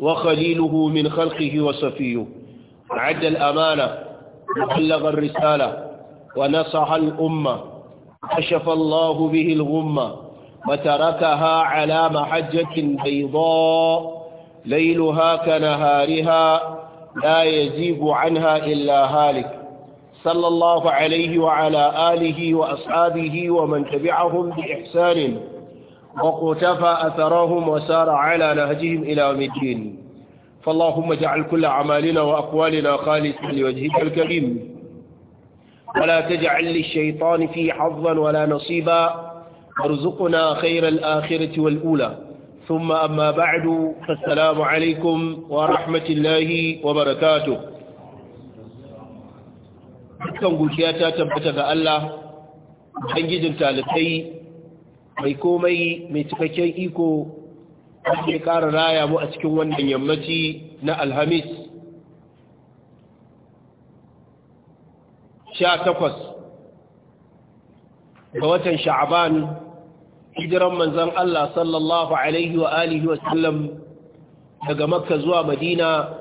وخليله من خلقه وصفيه عد الأمانة وبلغ الرسالة ونصح الأمة كشف الله به الغمة وتركها على محجة بيضاء ليلها كنهارها لا يزيب عنها إلا هالك صلى الله عليه وعلى آله وأصحابه ومن تبعهم بإحسان وقتفى أثرهم وسار على نهجهم إلى يوم الدين فاللهم اجعل كل أعمالنا وأقوالنا خالصا لوجهك الكريم ولا تجعل للشيطان فيه حظا ولا نصيبا ارزقنا خير الآخرة والأولى ثم أما بعد فالسلام عليكم ورحمة الله وبركاته dukkan guciya ta tabbata ga Allah mai komai mai cikakken iko ke ƙara raya mu a cikin wannan yammaci na alhamis sha takwas ga watan sha'aban hijiran manzan Allah sallallahu alaihi wa alihi wa sallam daga makka zuwa madina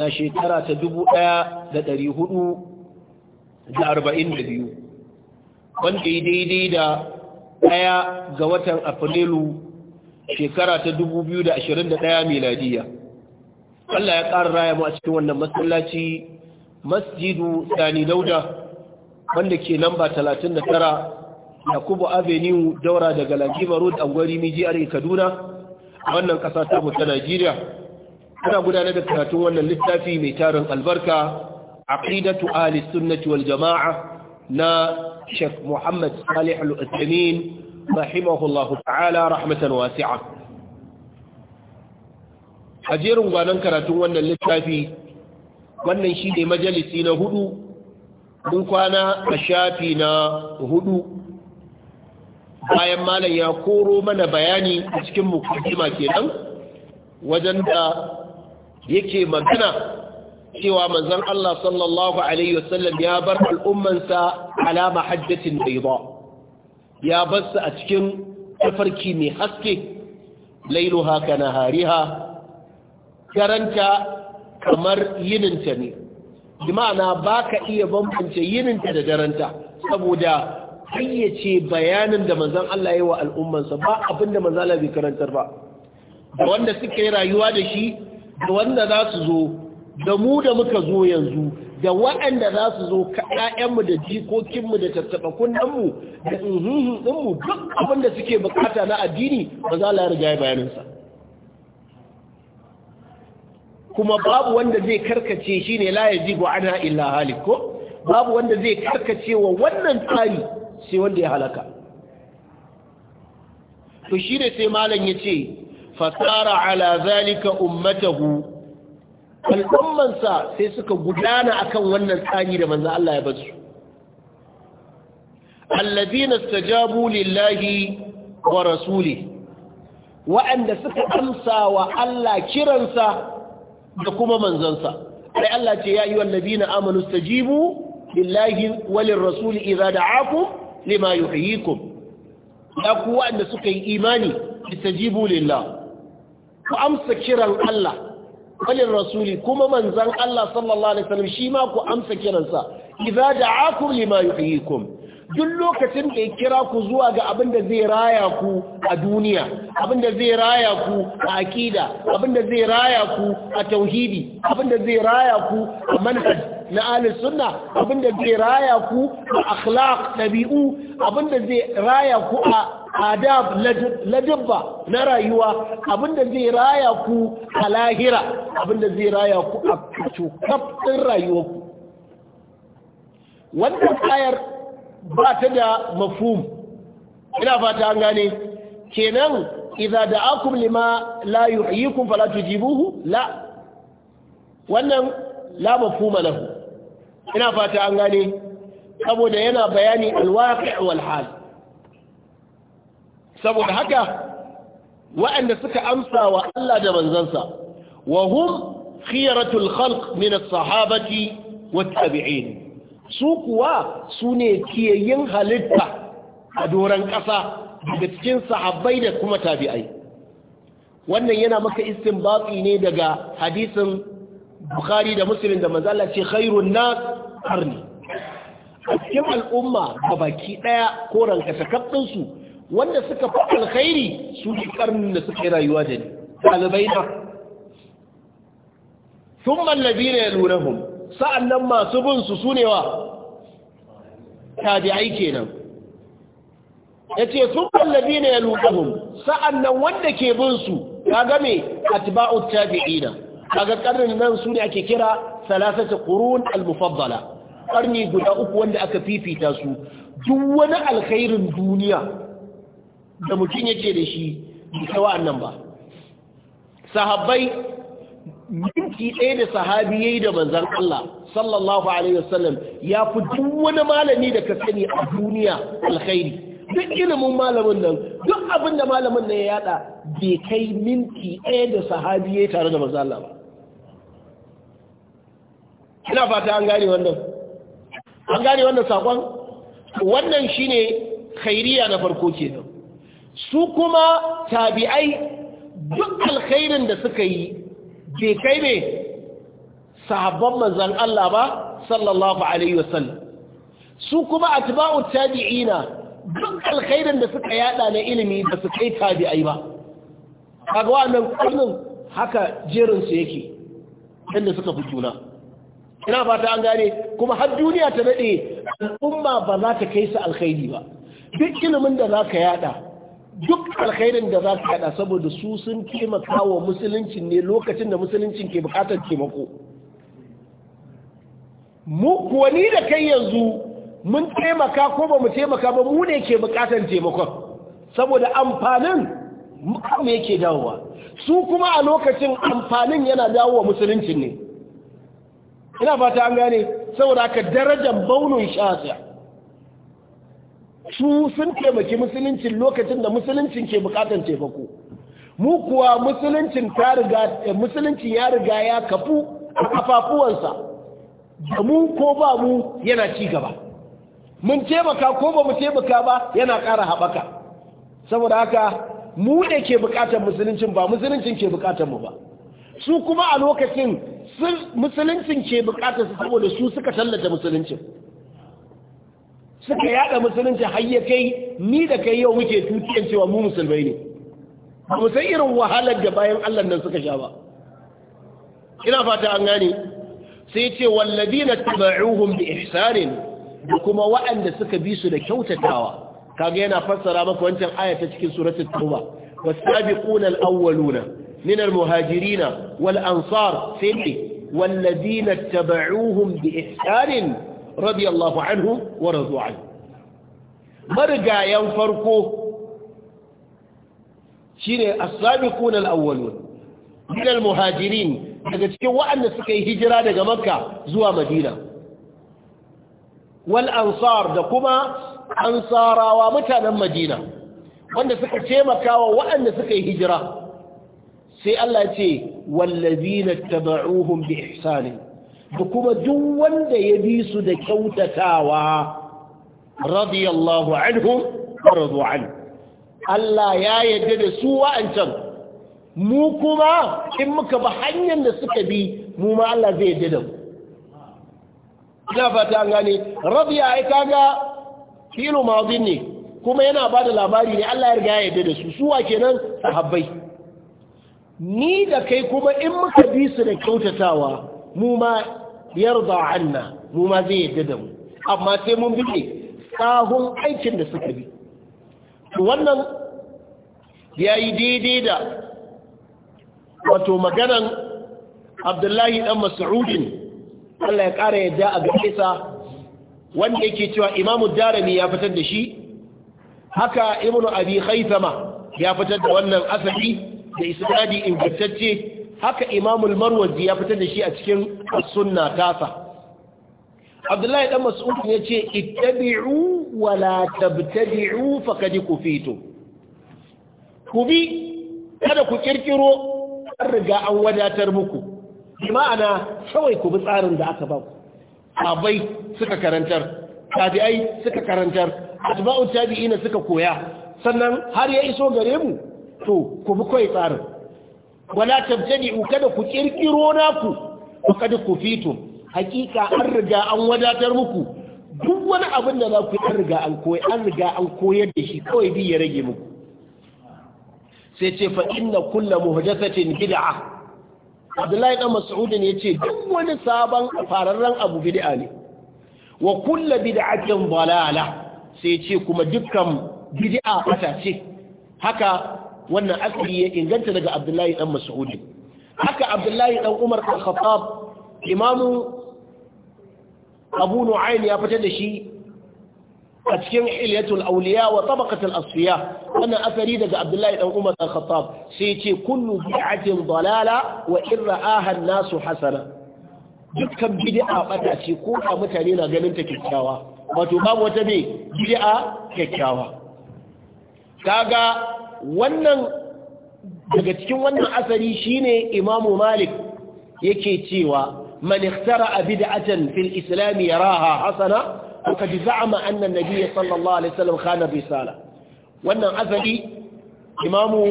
na shekara ta dubu ɗaya da ɗari hudu da arba'in da biyu wanda yi daidai da ɗaya ga watan afrilu shekara ta 2021 miladiya Allah ya ƙara raya mu a cikin wannan masallaci masjidu sani dauda wanda ke lamba 39 yakubu avenue daura daga lagima road miji mijiyar kaduna a wannan ƙasa ta ta najeriya ana gudanar da karatun wannan littafi mai tarin albarka aqidatu ahli sunnati wal jama'a na Sheikh Muhammad Salih Al-Uthamin rahimahullahu ta'ala rahmatan wasi'a a jerin gwanon karatun wannan littafi wannan shi ne majalisi na hudu mun kwana a shafi na hudu bayan malam ya koro mana bayani a cikin mukaddima kenan wajen da yake magana cewa manzon Allah sallallahu alaihi wasallam ya bar al'ummansa ala mahajjatin ba. ya basu a cikin tafarki mai haske haka na hariha karanta kamar yininta ne bima'ana ba ka iya bambance yininta da daranta saboda hayyace bayanin da manzan Allah ya wa al'ummansa ba abinda manzon Allah bai karantar ba da wanda suka yi rayuwa da shi da wanda za su zo da mu da muka zo yanzu da waɗanda za su zo ƴaƴanmu da jikokinmu da tattaɓa kunnenmu da inhihin ɗinmu duk abin da suke bukata na addini ba za la riga ya bayaninsa kuma babu wanda zai karkace shi ne la ya ji ba ana illa halik ko babu wanda zai karkace wa wannan tsari sai wanda ya halaka to shi ne sai malam ya ce fasara ala zalika ummatahu al'ummansa sai suka gudana akan wannan tsari da manzan Allah ya basu alladhina istajabu lillahi wa rasuli wa'anda suka amsa wa Allah kiransa da kuma manzansa sai Allah ce ya ayyuhal ladina amanu istajibu lillahi walir rasuli idza da'akum lima yuhyikum ya kuwa wa'anda suka yi imani istajibu lillah ku amsa kiran Allah walin rasuli kuma manzan Allah sallallahu alaihi wasallam shi ma ku amsa kiransa da aku lima kum duk lokacin da ya kira ku zuwa ga abin da zai raya ku a duniya abin da zai raya ku a akida abin da zai raya ku a tauhidi abin da zai raya ku a manhaj na alis suna abinda zai raya ku a akhlaq dabi'u abinda zai raya ku a adab ladabba na rayuwa abinda zai raya ku a lahira abinda zai raya ku a cokafin rayuwa ku wannan ayar ba ta da mafum ina fata an gane kenan idza da'akum lima la yuhyikum fala tujibuhu la wannan la mafhuma lahu ina fata an gane saboda yana bayani alwaqi wal saboda haka wa'anda suka amsa wa Allah da manzansa wa hum khiyaratul khalq min as-sahabati wat tabi'in su kuwa sune kiyayyin halitta a doran ƙasa daga cikin sahabbai da kuma tabi'ai wannan yana maka istinbati ne daga hadisin bukhari da muslim da manzala ce khairun nas karni a cikin al'umma ga baki daya ko ranka sakaddin wanda suka fi alkhairi su ne karnin da suka yi rayuwa da ni ɗalibai na sun mallabi ne lunahun sa'an nan masu bin su su ne wa tabi'ai kenan ya ce sun mallabi ne lunahun sa'an nan wanda ke bin su ya game a tiba'ut tabi'ina kaga karnin nan su ne ake kira salasata qurun al-mufaddala karni guda uku wanda aka fifita su duk wani alkhairin duniya da mutum yake da shi kai wa'annan ba sahabbai minti ɗaya da sahabi yayi da manzon Allah sallallahu alaihi wasallam ya fi duk wani malami da ka sani a duniya alkhairi duk ilimin malamin nan duk abin da malamin nan ya yada bai kai minti ɗaya da sahabi yayi tare da manzon Allah ba ina fata an gane wannan an gane wannan sakon wannan shine khairiya na farko kenan su kuma tabi'ai duk alkhairin da suka yi bai kai ne sahabban manzon Allah ba sallallahu alaihi wasallam su kuma atba'u tabi'ina duk alkhairin da suka yada na ilimi ba su kai tabi'ai ba kaga wannan kullun haka jerin su yake inda suka fi juna ina fata an gane kuma har duniya ta daɗe al'umma ba za ta kai su alkhairi ba duk ilimin da za ka yada duk alkhairin da za ka yada saboda su sun taimaka wa musuluncin ne lokacin da musuluncin ke bukatar taimako mu kuwa ni da kai yanzu mun taimaka ko ba mu taimaka ba mu ne ke bukatar taimakon saboda amfanin mu yake dawowa su kuma a lokacin amfanin yana dawowa musuluncin ne ina fata an gane saboda haka darajar baunun shafiya su sun taimaki musuluncin lokacin da musuluncin ke bukatan taimako mu kuwa musuluncin ya riga ya kafu a kafafuwansa da mu ko ba mu yana ci gaba mun taimaka ko ba mu taimaka ba yana ƙara haɓaka saboda haka mu ne ke bukatar musuluncin ba musuluncin ke bukatar mu ba su kuma a lokacin musuluncin ke bukatar su saboda su suka tallata musuluncin suka yada musulunci har ya kai ni da kai yau muke tutiyan cewa mu musulmai ne ba mu san irin wahalar da bayan Allah nan suka sha ba ina fata an gane sai ce walladina tabauhum bi ihsanin da kuma waɗanda suka bi su da kyautatawa kaga yana fassara maka wancan aya ta cikin suratul tauba wasabiquna al-awwaluna من المهاجرين والأنصار سيدي والذين اتبعوهم بإحسان رضي الله عنهم ورضوا عنه مرقى ينفرقوا شيني السابقون الأولون من المهاجرين daga cikin waɗanda suka yi hijira daga makka zuwa madina Walansar da kuma ansarawa mutanen madina wanda suka taimakawa waɗanda suka yi hijira sai Allah ce wallazina tabauhum bi ihsanin da kuma duk wanda ya bi su da kyautatawa radiyallahu anhum radu an Allah ya yarda da su wa'ancan mu kuma in muka ba hanyar da suka bi mu ma Allah zai yarda da mu ina fata an gane radiya ai kaga filu madin ne kuma yana ba da labari ne Allah ya riga ya yarda da su su wa kenan sahabbai ni da kai kuma in muka bi su da kyautatawa mu ma yarda anna mu ma zai yadda da mu amma sai mun bi sahun aikin da suka bi to wannan yi daidai da wato maganan Abdullahi dan Mas'udin Allah ya ƙara yadda a sa wanda yake cewa imamu darani ya fitar da shi haka Ibn Abi Khaythama ya fitar da wannan asali da isnadi ingantacce haka imamul marwazi ya fitar da shi a cikin sunna tasa abdullahi dan mas'ud ya ce ittabi'u wa la tabtadi'u faqad kufitu ku bi kada ku kirkiro an riga an wadatar muku ma'ana kawai ku bi tsarin da aka ba ku abai suka karantar tabi'ai suka karantar atba'u tabi'ina suka koya sannan har ya iso gare mu to ku bi kawai tsarin wala u kada ku kirkiro naku kada ku fito hakika an riga an wadatar muku duk wani abin da za ku an riga an koyi an riga an koyar da shi kawai bi ya rage muku sai ce fa inna kullu muhdathatin bid'a Abdullahi dan Mas'ud ne yace duk wani sabon fararren abu bid'a ne wa kullu bid'atin dalala sai ce kuma dukkan bid'a bata ce haka wannan asali ya inganta daga abdullahi dan mas'udi haka abdullahi dan umar al-khattab imamu abu nu'ayn ya fitar da shi a cikin hilyatul awliya wa tabaqatul asfiya wannan asali daga abdullahi dan umar al-khattab sai ce kullu bid'atin dalala wa in ra'aha an-nasu hasana dukkan bid'a bata ce ko a mutane na ganin ta kyakkyawa wato babu wata ne bid'a kyakkyawa kaga wannan daga cikin wannan asali shine imamu malik yake cewa man ikhtara bid'atan fil islam yaraha hasana faqad za'ama anna an-nabiy sallallahu alaihi wasallam khana risala wannan asali imamu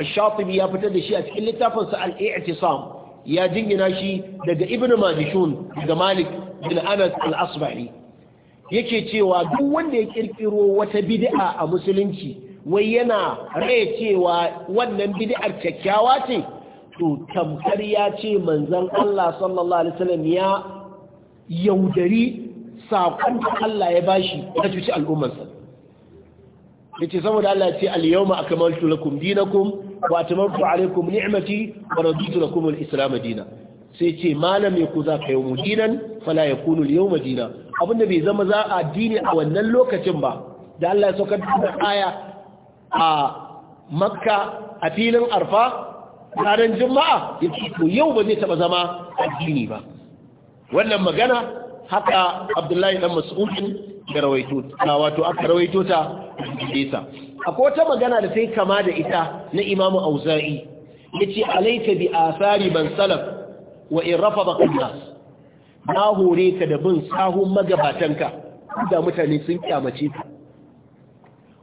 ash-shatibi ya fitar da shi a cikin littafin sa al-i'tisam ya jingina shi daga ibnu majishun daga malik bin anas al-asbahi yake cewa duk wanda ya kirkiro wata bid'a a musulunci wai yana rai cewa wannan bid'ar kyakkyawa ce to tamkar ya ce manzon Allah sallallahu alaihi wasallam ya yaudari sakon da Allah ya bashi ya cuci al'ummarsa yace saboda Allah ya ce al-yawma akmaltu lakum dinakum wa atamantu alaikum ni'mati wa raditu lakum al-islam dinan sai ce malam ya ku za ka yi mu dinan fala ya kunu yau madina abinda bai zama za a dini a wannan lokacin ba da Allah ya saukar da aya a makka a filin arfa ranar juma'a ya to yau ba zai taba zama addini ba wannan magana haka abdullahi dan mas'udin da rawaito ta. wato aka rawaito ta hadisa akwai wata magana da sai kama da ita na imamu auza'i yace alayka bi asari ban salaf wa in rafada qannas na hore ka da bin sahun magabatan magabatanka da mutane sun kyamace ka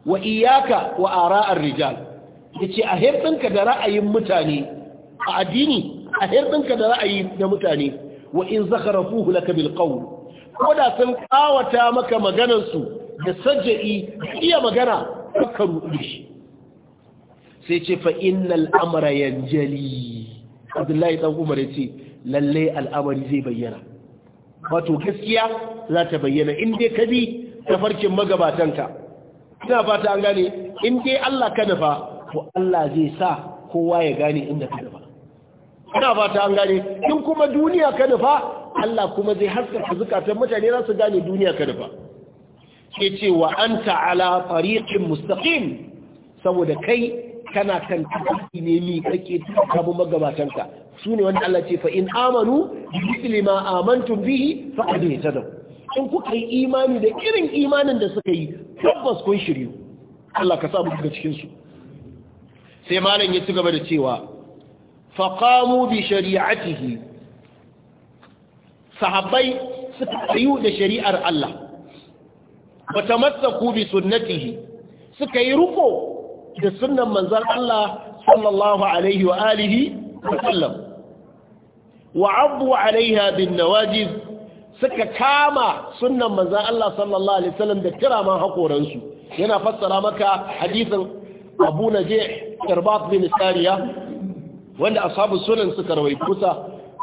wa iyaka wa ara'ar rijal yace a hirɗinka da ra'ayin mutane a addini a hirɗinka da ra'ayi na mutane wa in zakharafuhu laka bil qawl ko da sun kawata maka maganar su da sajja'i iya magana ka rubuce shi sai ce fa innal amra jali Abdullahi dan Umar yace lallai al'amari zai bayyana wato gaskiya za ta bayyana in dai ka bi tafarkin magabatanka ina fata an gane in dai Allah ka nufa to Allah zai sa kowa ya gane inda ka nufa ina fata an gane in kuma duniya ka nufa Allah kuma zai haskaka zukatan mutane za su gane duniya ka nufa ke ce wa anta ala tariqin mustaqim saboda kai kana kan tafi ne mi kake tabu magabatanka sune wanda Allah ce fa in amanu bi mithli ma amantum bihi faqad in kuka yi imani da irin imanin da suka yi tabbas kun shiryu Allah ka sa mu daga cikin su sai malam ya ci gaba da cewa faqamu bi shari'atihi sahabbai suka tsayu da shari'ar Allah bata matsaku bi sunnatihi suka yi ruko da sunnan manzon Allah sallallahu alaihi wa alihi wa sallam wa abu alaiha bin nawajiz suka kama sunnan manzan Allah sallallahu alaihi wasallam da kiraman hakoransu yana fassara maka hadisin Abu Najih Irbat bin Sariya wanda ashabu sunan suka rawaito kusa.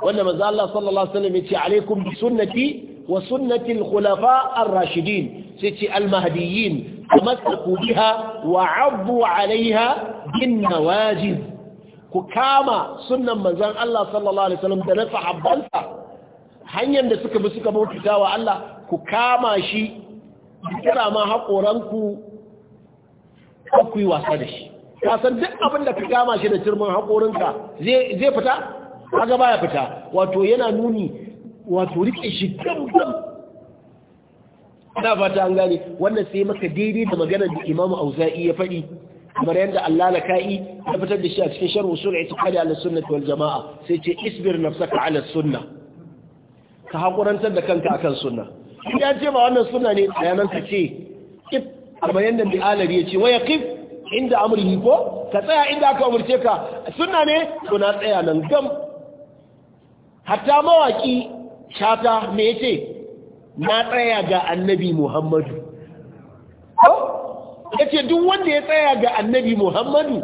wanda manzan Allah sallallahu alaihi wasallam yace alaikum sunnati wa sunnati al-khulafa ar-rashidin sai ce al-mahdiyyin tamassaku biha wa 'addu 'alayha bin nawajid ku kama sunnan manzan Allah sallallahu alaihi wasallam da na sahabbansa hanyar da suka bi suka baututa wa Allah ku kama shi kira ma haƙoranku ku yi wasa da shi kasan duk abin da ka kama shi da cirmin haƙorinka zai fita haka baya fita wato yana nuni wato rike shi gamgam ina fata an gane wannan sai maka daidai da maganar da imamu auza'i ya faɗi kamar yadda Allah na ka'i ya fitar da shi a cikin sharhu sura itiqadi ala sunnati wal jama'a sai ce isbir nafsaka ala sunnah ka haƙurantar da kanka akan sunna in ya ce ba wannan sunna ne yanar ka ce kif kamar da bi'alar ya ce ya kif inda amurki ko ka tsaya inda aka umurce ka sunna ne to na tsaya nan gam hatta mawaki shata me ce? na tsaya ga annabi muhammadu Ya ce duk wanda ya tsaya ga annabi muhammadu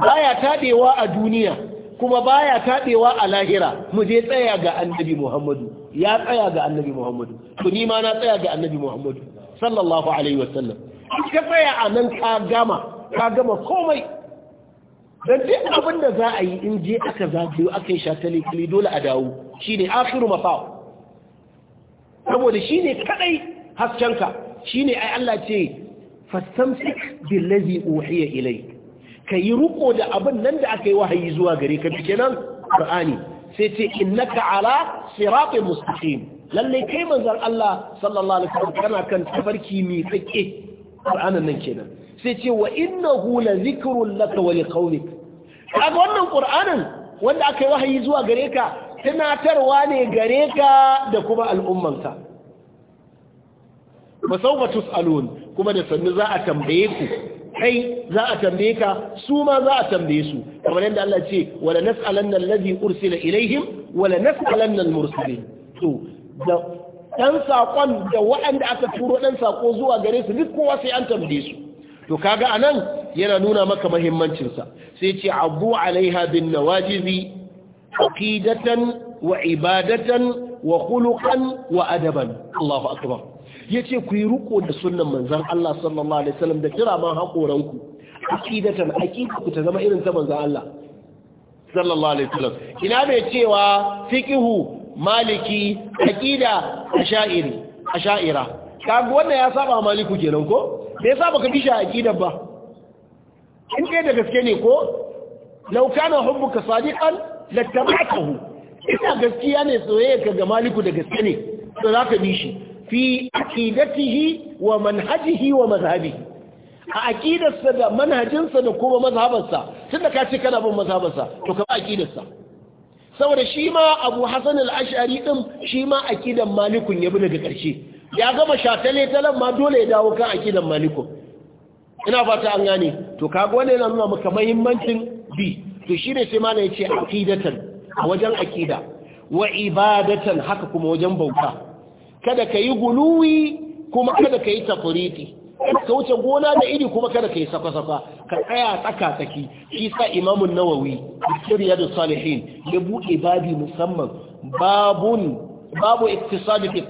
baya tadewa a duniya kuma baya taɗewa a lahira mu je tsaya ga annabi Muhammadu ya tsaya ga annabi Muhammadu to ni ma na tsaya ga annabi Muhammadu sallallahu alaihi wasallam ka tsaya a nan ka gama ka gama komai dan duk abin da za a yi in je aka zagayo aka yi shatale dole a dawo shine akhiru mafa saboda shine kadai haskenka shine ai Allah ce fastamsik billazi uhiya ilayk ka yi ruko da abin nan da aka yi wahayi zuwa gare ka kenan qur'ani sai ce innaka ala siratin mustaqim Lallai kai manzon Allah sallallahu alaihi wasallam kana kan tafarki mi tsake qur'anin nan kenan sai ce wa innahu la zikrun laka wa liqaumik kaga wannan qur'anin wanda aka yi wahayi zuwa gare ka tunatarwa ne gare ka da kuma al'ummanka ba sau ba tus'alun kuma da sannu za a tambaye ku kai za a tambaye ka su ma za a tambaye su kamar yadda Allah ce wala nas'alanna allazi ursila ilaihim wala nas'alanna al-mursalin to da dan sakon da waɗanda aka turo dan sako zuwa gare su duk kowa sai an tambaye su to kaga anan yana nuna maka muhimmancin sa sai ce abu alaiha bin nawajizi aqidatan wa ibadatan wa khuluqan wa adaban Allahu akbar ya ce ku yi riko da sunan manzan Allah sallallahu alaihi wasallam da kiraman haƙoranku aqidatan aqiqa ku ta zama irin ta manzan Allah sallallahu alaihi wasallam ina mai cewa fiqhu maliki ƙida a Sha'ira. kaga wanda ya saba maliku kenan ko bai saba ka bisha aqida ba in dai da gaske ne ko law kana hubbuka sadiqan lattaba'tahu ina gaskiya ne soyayya ka ga maliku da gaske ne to za ka bishi. fi aqidatihi wa manhajihi wa mazhabihi a aqidarsa da manhajinsa da kuma mazhabarsa tunda ka ce kana bin mazhabarsa to ka ba aqidarsa saboda shi ma Abu Hassan al-Ash'ari din shi ma aqidar Malikun ya bi daga ƙarshe ya gama shatale talan ma dole ya dawo kan aqidar Malikun ina fata an gane to kaga wannan yana nuna maka muhimmancin bi to shi ne sai malai ya ce aqidatan a wajen aqida wa ibadatan haka kuma wajen bauta kada ka yi guluwi kuma kada ka yi tafuriti ka wuce gona da iri kuma kada ka yi sakwa-sakwa ka tsaya tsaka-tsaki shi sa imamun nawawi shirya da salihin ya buɗe babi musamman babun babu iktisadi fi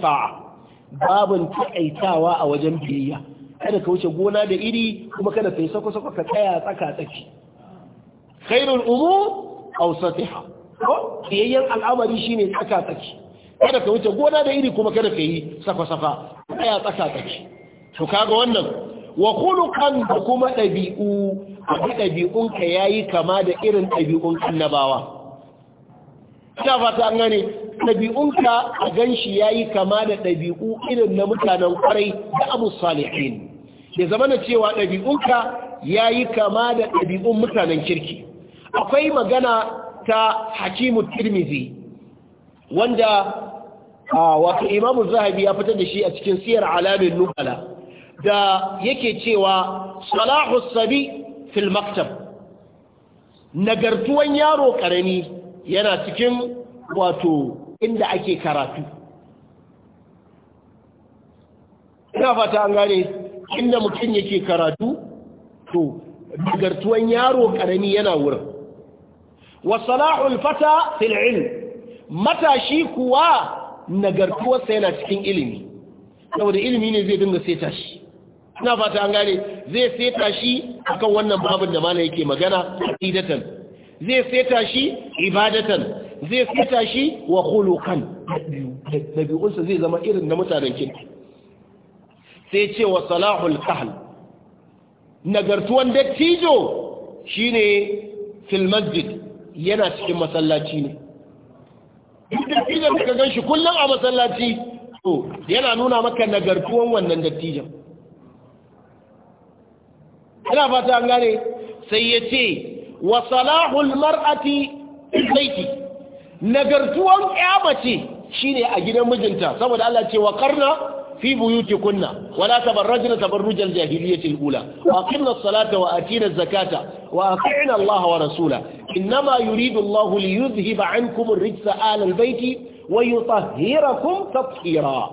babun taƙaitawa a wajen biyayya kada ka wuce gona da iri kuma kada ka yi sakwa-sakwa ka tsaya tsaka-tsaki khairul umur awsatiha ko Kiyayyen al'amari shine tsaka-tsaki kada ka wuce gona da iri kuma kada ka yi safa-safa ya tsaka-tsaki to kaga wannan wa khuluqan da kuma ɗabi'u, abi dabi'un ka yayi kama da irin dabi'un annabawa ina fata an gane dabi'un ka a ganshi yayi kama da ɗabi'u irin na mutanen kwarai da abu salihin ya zama na cewa dabi'un ka yayi kama da ɗabi'un mutanen kirki akwai magana ta hakimu tirmizi wanda a wato imamu zahabi ya fitar da shi a cikin siyar alamin nubala da yake cewa salahu sabi fil maktab nagartuwan yaro karami yana cikin wato inda ake karatu ina fata an gane inda mutum yake karatu to nagartuwan yaro karami yana wurin wa salahul fata fil ilm matashi kuwa nagartuwarsa yana cikin ilimi saboda ilimi ne zai dinga seta shi ina fata an gane zai seta shi akan wannan babin da mana yake magana aqidatan zai seta shi ibadatan zai seta shi wa khuluqan dabi'unsa zai zama irin na mutanen kin, sai ce wa salahul kahl nagartuwan dattijo shine fil masjid yana cikin masallaci ne duk dattijan da ka gan shi kullum a masallaci to yana nuna maka nagartuwan wannan dattijan Yana fata an gane sai ya ce wa salahul mar'ati baiti nagartuwan ya mace shine a gidan mijinta saboda Allah ce wa karna fi buyuti kunna wala tabarrajna tabarruj aljahiliyati alula wa aqimna as-salata wa atina zakata wa ati'na wa rasula innama yuridu Allah li yudhhiba ankum ar-rijsa ala al-bayti wa yutahhirakum tathira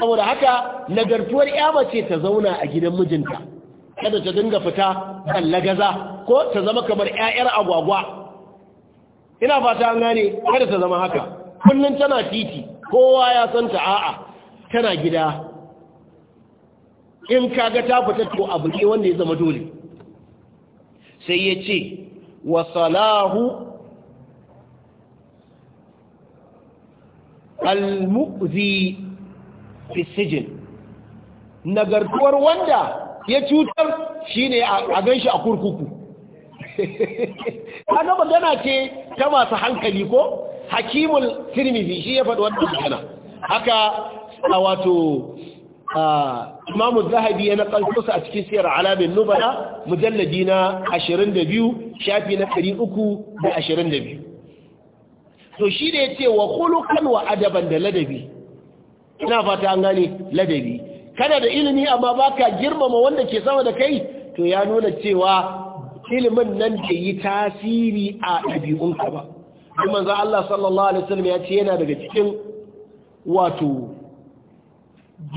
saboda haka nagartuwar iyama ce ta zauna a gidan mijinta kada ta dinga fita kalla gaza ko ta zama kamar 'ya'yar agwagwa ina fata an gane kada ta zama haka kullun tana titi kowa ya san ta a'a tana gida in kaga ta fita to abu ne wanda ya zama dole sai ya ce wa salahu al-mu'zi fi sijin nagartuwar wanda ya cutar shine a ganshi a kurkuku kaga magana ce ta masu hankali ko hakimul tirmizi shi ya faɗi wannan magana haka a wato imamu zahabi ya nakalto su a cikin siyar alamin nubala mujalladi na 22 shafi na 322 to shi da ya ce wa kulukan wa adaban da ladabi ina fata an gane ladabi Kada da ilimi amma ba ka girmama wanda ke sama da kai to ya nuna cewa ilimin nan ke yi tasiri a ɗabi'unka ba. Kuma za Allah sallallahu Alaihi wasallam ya ce yana daga cikin wato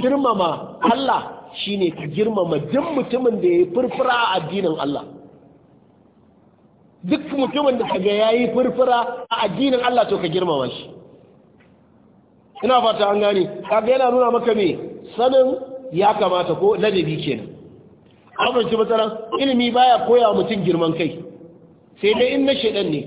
girmama Allah shine ka girmama duk mutumin da yi furfura a addinin Allah duk mutumin da kaga yi furfura a addinin Allah to ka girmama shi ina fata an gane kaga yana nuna maka me sanin ya kamata ko ladabi kenan abin shi matsalan ilimi baya koya mutum girman kai sai dai in na shedan ne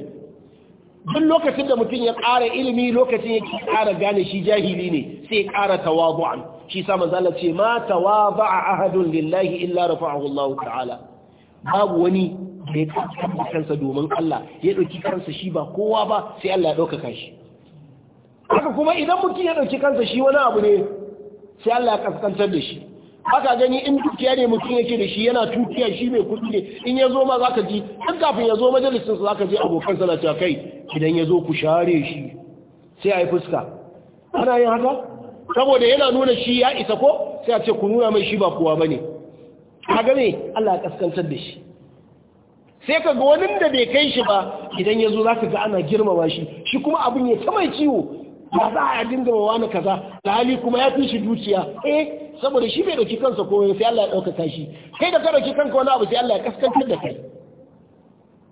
duk lokacin da mutum ya ƙara ilimi lokacin ya ƙara gane shi jahili ne sai ya ƙara tawagu'an. shi sa manzo Allah ce ma tawaba'a ahadun lillahi illa rafa'ahu Allah ta'ala babu wani da ya kafa kansa domin Allah ya dauki kansa shi ba kowa ba sai Allah ya dauka shi haka kuma idan mutum ya dauki kansa shi wani abu ne sai Allah ya kaskantar da shi haka gani in dukiya ne mutum yake da shi yana tukiya shi mai kuɗi ne in ya zo ma za ka ji ɗan kafin ya zo majalisinsa za ka ji abokan sana ta kai idan ya zo ku share shi sai a yi fuska ana yin haka saboda yana nuna shi ya isa ko sai a ce ku nuna mai shi ba kowa bane kaga me Allah ya kaskantar da shi sai ka ga wani da bai kai shi ba idan ya zo za ka ga ana girmama shi shi kuma abin ya ta mai ciwo ba za a dinga wa wani kaza hali kuma ya fi shi dukiya eh saboda shi bai dauki kansa ko sai Allah ya dauka shi kai da ka dauki kanka wani abu sai Allah ya kaskantar da kai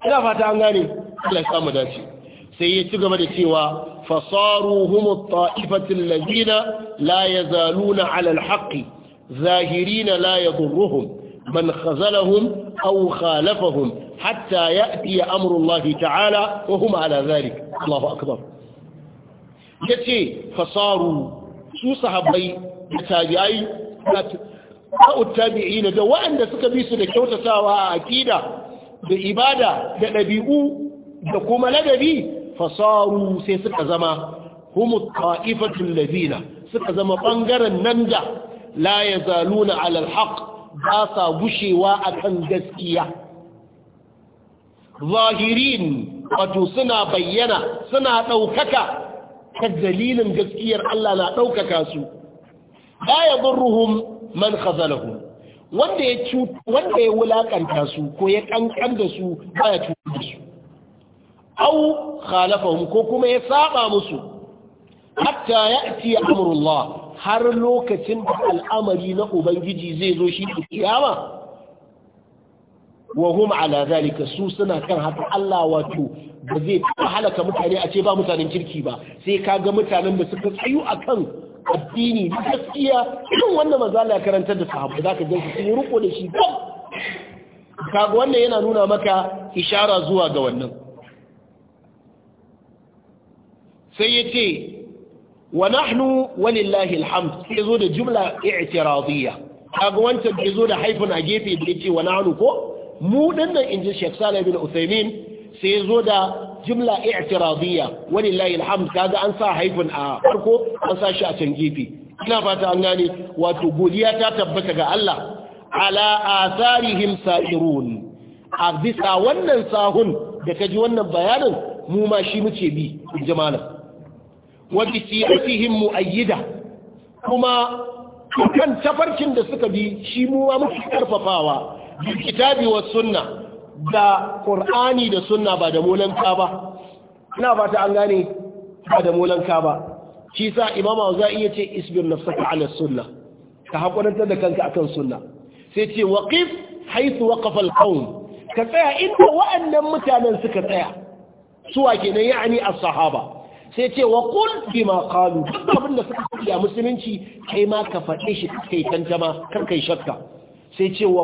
ina fata an gane Allah ya samu dace sai ya ci gaba da cewa فصاروا هم الطائفة الذين لا يزالون على الحق ظاهرين لا يضرهم من خذلهم أو خالفهم حتى يأتي أمر الله تعالى وهم على ذلك الله أكبر يتي فصاروا su sahabbai da tabi'ai da tabi'ina da waɗanda suka bi su da kyautatawa a aƙida da ibada da ɗabi'u da kuma ladabi fasaru sai suka zama humu ta'ifatul ladina suka zama ɓangaren nan da la yazaluna ala alhaq ba sa gushewa akan gaskiya zahirin wato suna bayyana suna ɗaukaka ta dalilin gaskiyar Allah na ɗaukaka su la yadurruhum man khazalahum wanda ya wanda ya su ko ya ƙanƙan da su baya cutar su au khalafahum ko kuma ya saba musu hatta ya'ti amrullah har lokacin da al'amari na ubangiji zai zo shi kiyama wa hum ala zalika su suna kan haka Allah wato ba zai taɓa halaka mutane a ce ba mutanen kirki ba sai ka ga mutanen da suka tsayu akan addini da gaskiya irin wannan maza ya karantar da sahabbai zaka gansu sun ruko da shi kaga wannan yana nuna maka ishara zuwa ga wannan sai ya ce wa nahnu walillahi alhamd sai zo da jumla i'tiradiyya kaga wancan da zo da haifun a gefe da yace wa nahnu ko mu dinnan inji Sheikh Salih bin Uthaymeen sai zo da jumla i'tiradiyya walillahi alhamd kaga an sa haifun a farko an sa shi a can gefe ina fata an gane wato godiya ta tabbata ga Allah ala atharihim sa'irun a bisa wannan sahun da kaji wannan bayanin mu ma shi muke bi in ji malam wa bi siyasihim muayyida kuma kan tafarkin da suka bi shi mu ma karfafawa bi kitabi wa sunna da qur'ani da sunna ba da molanka ba ina fata an gane ba da molanka ba shi sa imam auza'i ce isbir nafsaka ala sunna ka hakurantar da kanka akan sunna sai ce waqif haythu waqafa alqawm ka tsaya inda wa'annan mutanen suka tsaya suwa kenan yani as-sahaba sai ce wa qul ma kalu duk abin da suka faɗi a musulunci kai ma ka faɗe shi kai jama kar kai shakka sai ce wa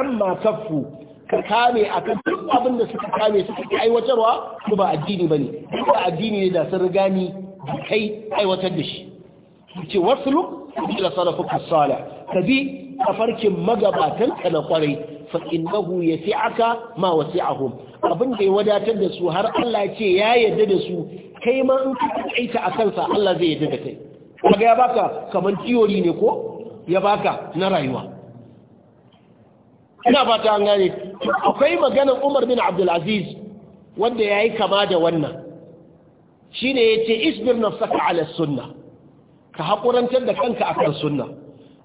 amma kaffu ka kame akan duk abin da suka kame suka ki aiwatarwa ko ba addini bane ba addini ne da sun riga ni kai aiwatar da shi ce wasu ila sarafu kasala ka bi farkin magabatan ka na kwarai fa ya fi aka ma wasi abin da ya wadatar da su har Allah ce ya yarda da su kai ma in ka kaita a kansa Allah zai yi da kai kaga ya baka kaman tiyori ne ko ya baka na rayuwa ina fata an gane akwai maganar Umar bin Abdulaziz wanda wanda yayi kama da wannan shine ce isbir nafsaka ala sunna ka hakurantar da kanka kan sunna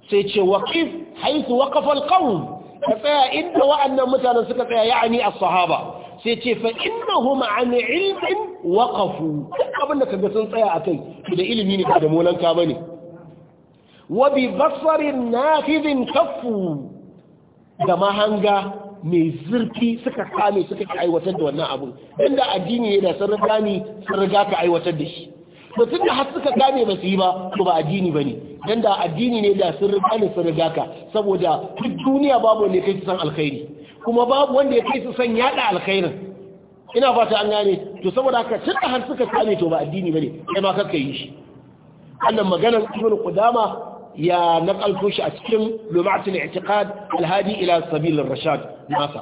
sai ce waƙif haythu waqafa alqawm ka tsaya inda wa'annan mutanen suka tsaya ya'ani a sahaba sai ce fa innahum an ilmin waqafu abin da kaga sun tsaya akai da ilimi ne ba da molanka bane wa bi basarin nafidin kaffu da mahanga mai zurfi suka kame suka aiwatar da wannan abu inda addini yana da riga ni sun ka aiwatar da shi to tun da har suka kame ba su yi ba to ba addini bane. ne addini ne da sun riga ne sun riga ka saboda duk duniya babu ne kai san alkhairi kuma babu wanda ya kai su son yada alkhairin ina fata an gane to saboda haka tunda har suka kame to ba addini bane kai ma kakka yi shi wannan maganar ibnu qudama ya nakalto shi a cikin lumatul i'tiqad alhadi ila sabil ar-rashad nasa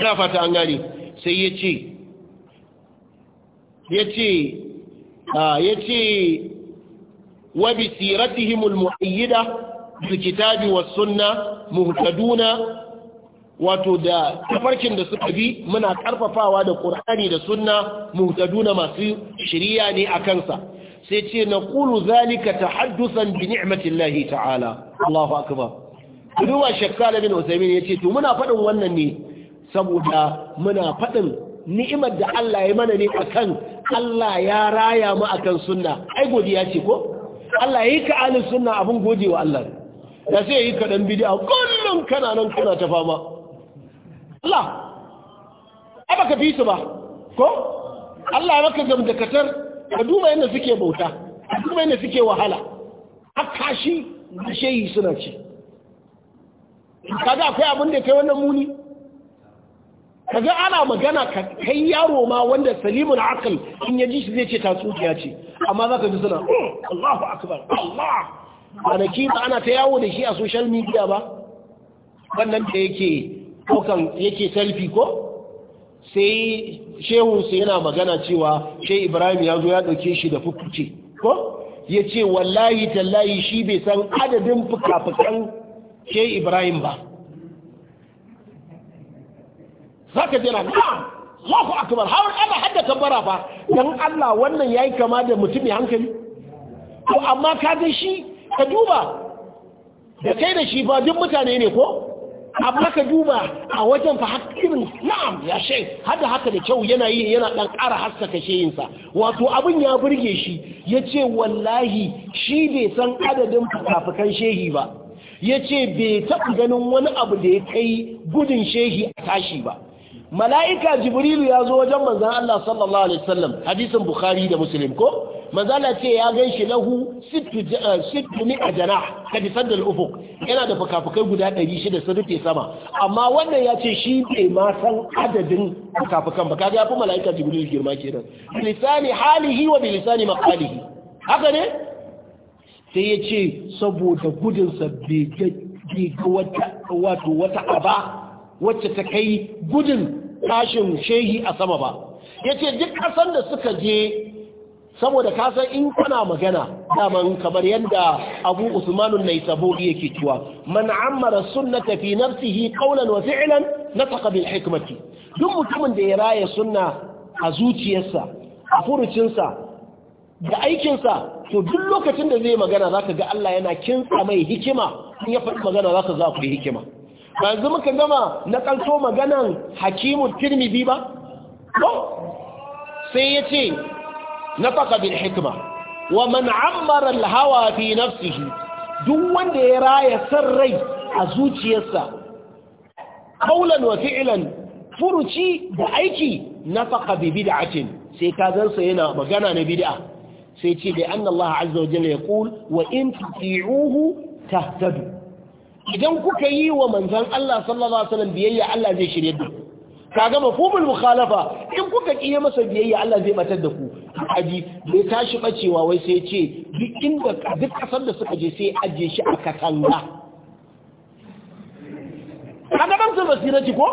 ina fata an gane sai yace yace yace wa bi siratihim al-mu'ayyida bil kitabi was sunnah muhtaduna wato da tafarkin da suka bi muna karfafawa da ƙur'ani da sunna muhtaduna masu shirya ne a kansa sai ce na ƙulu zalika ta haddusan bi ni'matillahi ta'ala Allahu akbar duwa shakkala bin usaimin ya ce to muna faɗin wannan ne saboda muna faɗin ni'imar da Allah ya mana ne akan Allah ya raya mu akan sunna ai godiya ce ko Allah yi ka alin sunna abin godewa Allah da sai yi kaɗan bidiya kullum kana nan kuna ta fama Allah a baka bi su ba ko Allah ya maka gamdakatar ka duba yadda suke bauta ka duba yadda suke wahala a kashi da shayi suna ci kaga akwai abin da kai wannan muni kaga ana magana ka kai yaro ma wanda salimun akal in ya shi zai ce tatsuniya ce amma za ka ji suna oh, Allahu akbar Allah kwanaki ba ana ta yawo da shi a social media ba wannan da yake ɗaukan yake selfie ko sai shehunsa yana magana cewa shai ibrahim ya zo ya ɗauke shi da fukuce ko ya ce wallahi tallahi shi bai san adadin fukafukan fukan ibrahim ba za ka jira na lafi akabar har ana hada kabara ba don allah wannan ya yi kama da mutum ya hankali to amma ka shi ka duba da kai da shi ba duk mutane ne ko amma ka duba a wajen fa na'am ya shai hada haka da kyau yana yi yana dan ƙara haskaka sa. wato abin ya burge shi ya ce wallahi shi bai san adadin fukafukan shehi ba ya ce bai taɓa ganin wani abu da ya kai gudun shehi a tashi ba mala'ika jibrilu ya zo wajen manzan Allah sallallahu alaihi wasallam hadisin bukhari da Musulun ko manzala ce ya gan shi lahu sittu a eh, jana kadisar da ufuk yana da fukafukai guda 600 sun rufe sama amma wannan ya ce shi bai ma san adadin fukafukan ba kaga ya fi mala'ika jibrilu girma kenan lisani halihi wa lisani maqalihi haka ne sai ya ce saboda gudunsa bai ga wata wato wata aba wacce ta kai gudun tashin shehi a sama ba yace duk kasan da suka je saboda kasan in kana magana daman kamar yadda abu usmanun nai sabobi yake cewa man ammara sunnata fi nafsihi qawlan wa fi'lan nataqa bil hikmati duk mutumin da ya raya sunna a zuciyarsa a furucinsa da aikinsa to duk lokacin da zai magana zaka ga Allah yana kinsa mai hikima in ya faɗi magana zaka za ku hikima ba yanzu muka gama na kalto maganan hakimun tirmidhi ba ko sai ya ce nafaka bin hikma wa man ammara al fi nafsihi duk wanda ya raya san rai a zuciyarsa qawlan wa fi'lan furuci da aiki nafaka bi bid'atin sai ka gansa yana magana na bid'a sai ce da anna azza wa jalla yaqul wa in tuti'uhu tahtadu idan kuka yi wa manzan Allah sallallahu alaihi wasallam biyayya Allah zai shirya da ku gama fumul mukhalafa in kuka kiyaye masa biyayya Allah zai batar da ku aji bai tashi bacewa wai sai ce duk inda duk kasar da suka je sai aje shi a katanga kaga ban san basirati ko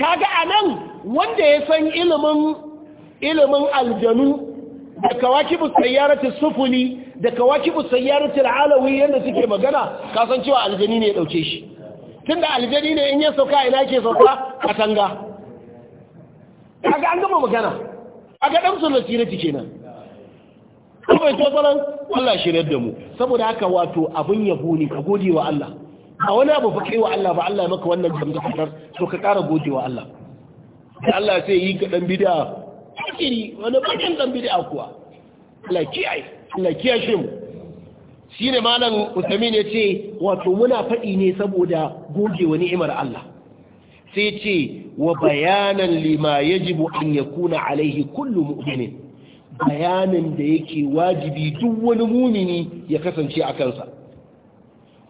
kaga anan wanda ya san ilimin aljanu da kawakibus sayyaratu sufuli da kawakibu sayyaratul alawi yanda suke magana kasan cewa aljani ne ya dauke shi tunda aljani ne in ya sauka ina ke sauka katanga kaga an gama magana kaga dan sunan cike kenan kuma ita sanan Allah shi da mu saboda haka wato abun yabo ne ka gode wa Allah a wani abu fa kai wa Allah ba Allah ya maka wannan gamdakatar so ka kara gode wa Allah Allah sai yi ka dan bid'a kiri wani bakin dan bid'a kuwa Allah kiyaye Allah kiyashe shi shine malam Usamin ya ce wato muna faɗi ne saboda gogewa ni'imar Allah sai ce wa bayanan lima yajibu an yakuna alaihi kullu mu'minin bayanin da yake wajibi duk wani mumini ya kasance a kansa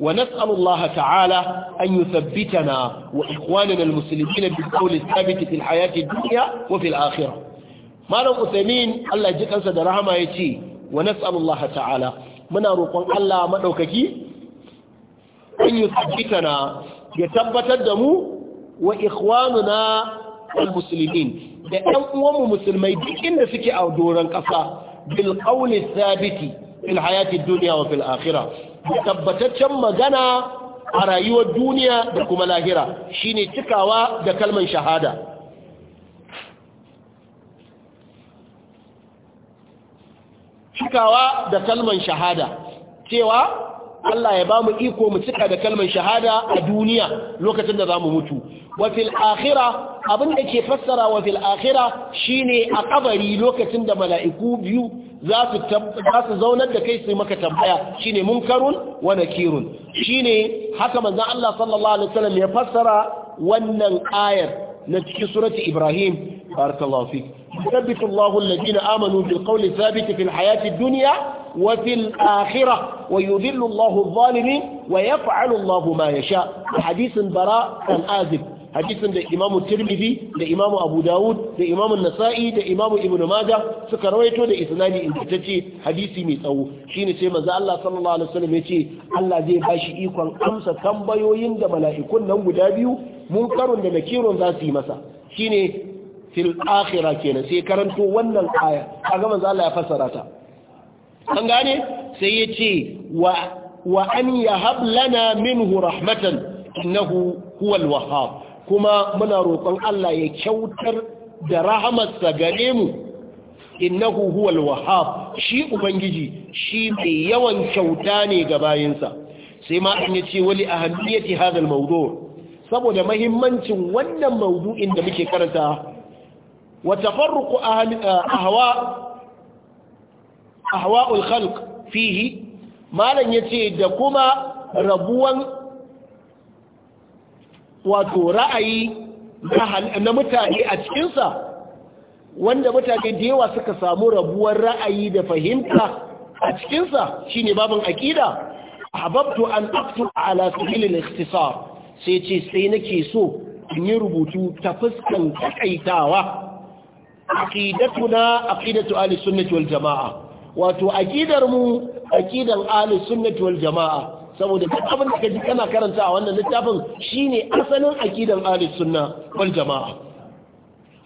wa nas'alullah ta'ala an yuthabbitana wa ikhwanana almuslimin bil qawli thabit fil hayati dunya wa fil akhirah malam Usamin Allah ji kansa da rahama ce. wa nas'alullah ta'ala muna roƙon Allah madaukaki an yusabbitana ya tabbatar da mu wa ikhwanuna almuslimin da ɗan uwanmu musulmai duk inda suke a doron ƙasa bil qawli thabiti fil hayati dunya wa fil akhirah tabbataccen magana a rayuwar duniya da kuma lahira shine cikawa da kalman shahada cikawa da kalman shahada cewa Allah ya ba mu iko mu cika da kalman shahada a duniya lokacin da za mu mutu wafil fil akhira abin da ke fassara wa fil akhira shine a kabari lokacin da mala'iku biyu za su zaunar da kai su maka tambaya shine munkarun wa nakirun shine haka manzo Allah sallallahu alaihi wasallam ya fassara wannan ayar na cikin surati Ibrahim بارك الله فيك يثبت الله الذين آمنوا بالقول الثابت في الحياة الدنيا وفي الآخرة ويذل الله الظالمين ويفعل الله ما يشاء حديث براء الآذب حديث ده إمام الترمذي ده إمام أبو داود ده النسائي ده ابن suka rawaito da isnadi ingantacce hadisi mai tsawo shine sai manzo Allah sallallahu alaihi wasallam yace Allah zai shi ikon amsa tambayoyin da mala'ikun nan guda biyu munkarun da nakirun za su yi masa shine fil akhira kenan sai karanto wannan aya kaga manzo Allah ya fassara ta an gane sai yace wa wa an yahab lana minhu rahmatan innahu huwal wahhab kuma muna roƙon Allah ya kyautar da rahamarsa gare mu innahu huwal wahhab shi ubangiji shi mai yawan kyauta ne ga bayinsa sai ma an yace wali ahammiyati hadha al-mawdu' saboda mahimmancin wannan maudu'in da muke karanta وتفرق أهواء أهواء الخلق فيه ما لن يتدكما wato وترأي na mutane a cikinsa wanda mutane da yawa suka samu rabuwar ra'ayi da fahimta a cikinsa shine babin aƙida ahbabtu an aktu ala sabilil ikhtisar sai ce sai nake so in yi rubutu ta fuskan takaitawa aqidatuna aqidatu ahli sunnati wal jamaa wato aqidar mu aqidan ahli sunnati wal jamaa saboda duk abin da kaji kana karanta a wannan littafin shine asalin aqidan ahli sunna wal jamaa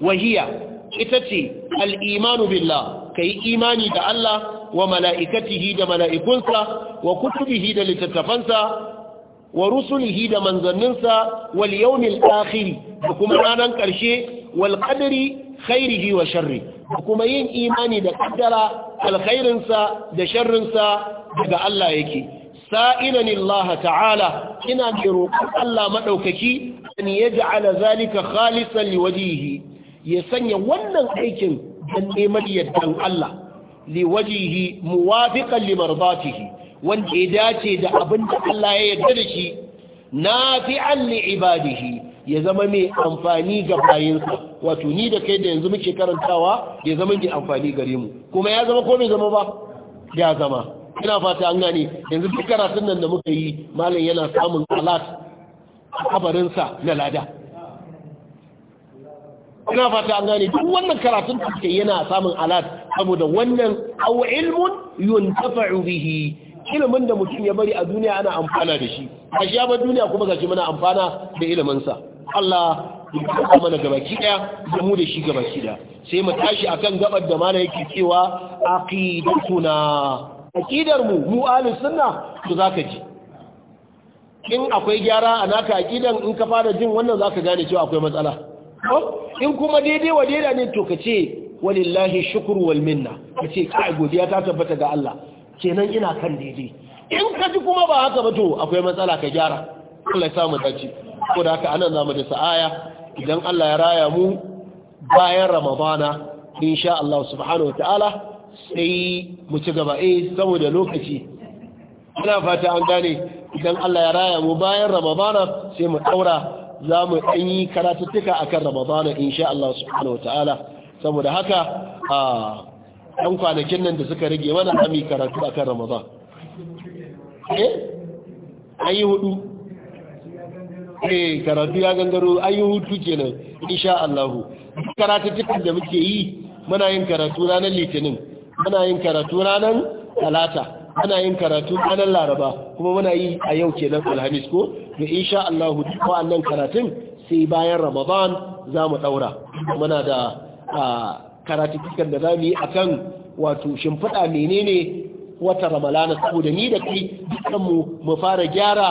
wahiya ita ce al-imanu billah kai imani da Allah wa mala'ikatihi da mala'ikunsa wa kutubihi da littattafansa wa rusulihi da manzanninsa wal yawmil akhir da kuma ranar ƙarshe wal qadri khairihi wa sharri kuma yin imani da kaddara alkhairinsa da sharrinsa daga Allah yake sa'ilan Allah ta'ala ina mai roƙon Allah madaukaki an yaj'ala zalika khalisan liwajihi ya sanya wannan aikin dan neman yardan Allah liwajihi muwafiqan limardatihi wanda ya dace da abin da Allah ya yarda da shi nafi'an li ibadahi. ya zama mai amfani ga bayinsa wato ni da kai da yanzu muke karantawa ya zama da amfani gare mu kuma ya zama ko bai zama ba ya zama ina fata an gane yanzu duk karatun nan da muka yi malam yana samun alat a kabarinsa na lada ina fata an gane duk wannan karatun da ke yana samun alat saboda wannan aw ilmun yuntafa'u bihi ilimin da mutum ya bari a duniya ana amfana da shi a shi ya bar duniya kuma gashi muna amfana da ilimin sa Allah ya mana gabaki ya mu da shi gabaki sai mu tashi akan gabar da mana yake cewa aqidatuna aqidar mu mu ahlus sunna to zaka ji in akwai gyara a naka aqidan in ka fara jin wannan zaka gane cewa akwai matsala in kuma daidai wa daidai ne to kace walillahi shukru wal minna kace kai godiya ta tabbata ga Allah kenan ina kan daidai in ka ji kuma ba haka ba to akwai matsala ka gyara Allah ya samu dace ko da haka anan zamu da sa'aya idan Allah ya raya mu bayan ramadana insha Allah subhanahu wa ta'ala sai mu ci gaba eh saboda lokaci ina fata an gane idan Allah ya raya mu bayan ramadana sai mu daura za mu ɗan yi karatuttuka akan kan ramadana insha Allah subhanahu wa ta'ala saboda haka a ɗan kwanakin nan da suka rage mana ami karatu akan Ramadana ramadan eh an hudu eh karatu ya gangaro An yi hutu kenan insha Allah karatun da muke yi muna yin karatu ranar litinin muna yin karatu ranar talata muna yin karatu ranar laraba kuma muna yi a yau kenan alhamis ko da insha allahu duk wannan karatun sai bayan ramadan za mu daura muna da karatukan da za mu yi akan wato shimfiɗa menene wata ramalana saboda ni da kai dukkanmu mu fara gyara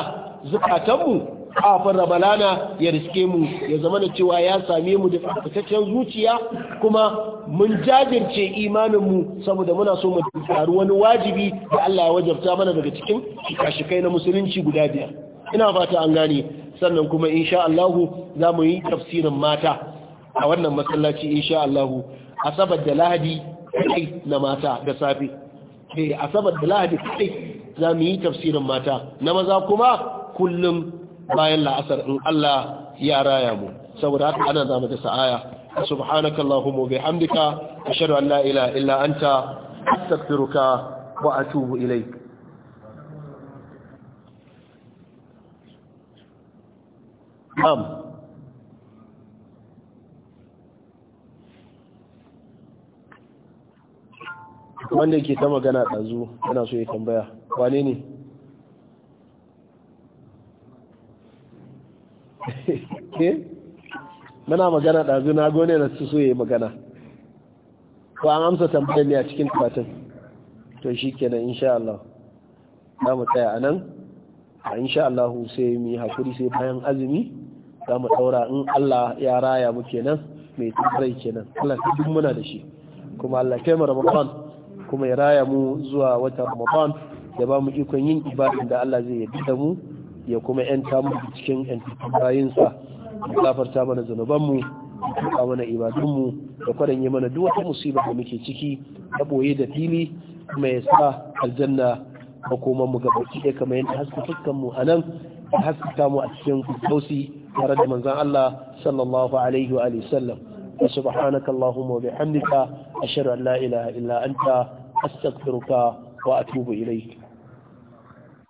zukatanmu afar rabalana ya riske mu ya zama da cewa ya same mu da tsaftaccen zuciya kuma mun jajirce imanin mu saboda muna so mu tsari wani wajibi da Allah ya wajabta mana daga cikin kashikai na musulunci guda biyar ina fata an gane sannan kuma insha Allah za mu yi tafsirin mata a wannan masallaci insha Allah asabar da lahadi kai na mata da safe eh asabar da lahadi kai za mu yi tafsirin mata na maza kuma kullum bayan la'asar in Allah ya raya mu saboda haka ana zama da sa'aya subhanaka allahumma bihamdika ashhadu an la ilaha illa anta astaghfiruka wa atubu ilayk am wanda ke ta magana ɗazu yana so ya tambaya wane ne ke muna magana ɗazu na gone na su so yi magana ko an amsa tambayar ne a cikin fatin to shi kenan insha Allah za mu tsaya a nan a insha Allah sai mu yi hakuri sai bayan azumi za mu ɗaura in Allah ya raya mu kenan mai tsirrai kenan Allah ta duk muna da shi kuma Allah kai mu Ramadan kuma ya raya mu zuwa wata Ramadan ya ba mu ikon yin ibadin da Allah zai yi da mu ya kuma yanta mu cikin yantattun bayinsa ya gafarta mana zunubanmu a mana ibadunmu da kwaran yi mana duk wata musiba da muke ciki da boye da fili mai sa aljanna da koma mu ga baki da kamar yadda haska fuskan mu a nan da mu a cikin kudosi tare da manzon Allah sallallahu alaihi wa alihi sallam سبحانك اللهم وبحمدك أشهد أن لا إله إلا أنت أستغفرك وأتوب إليك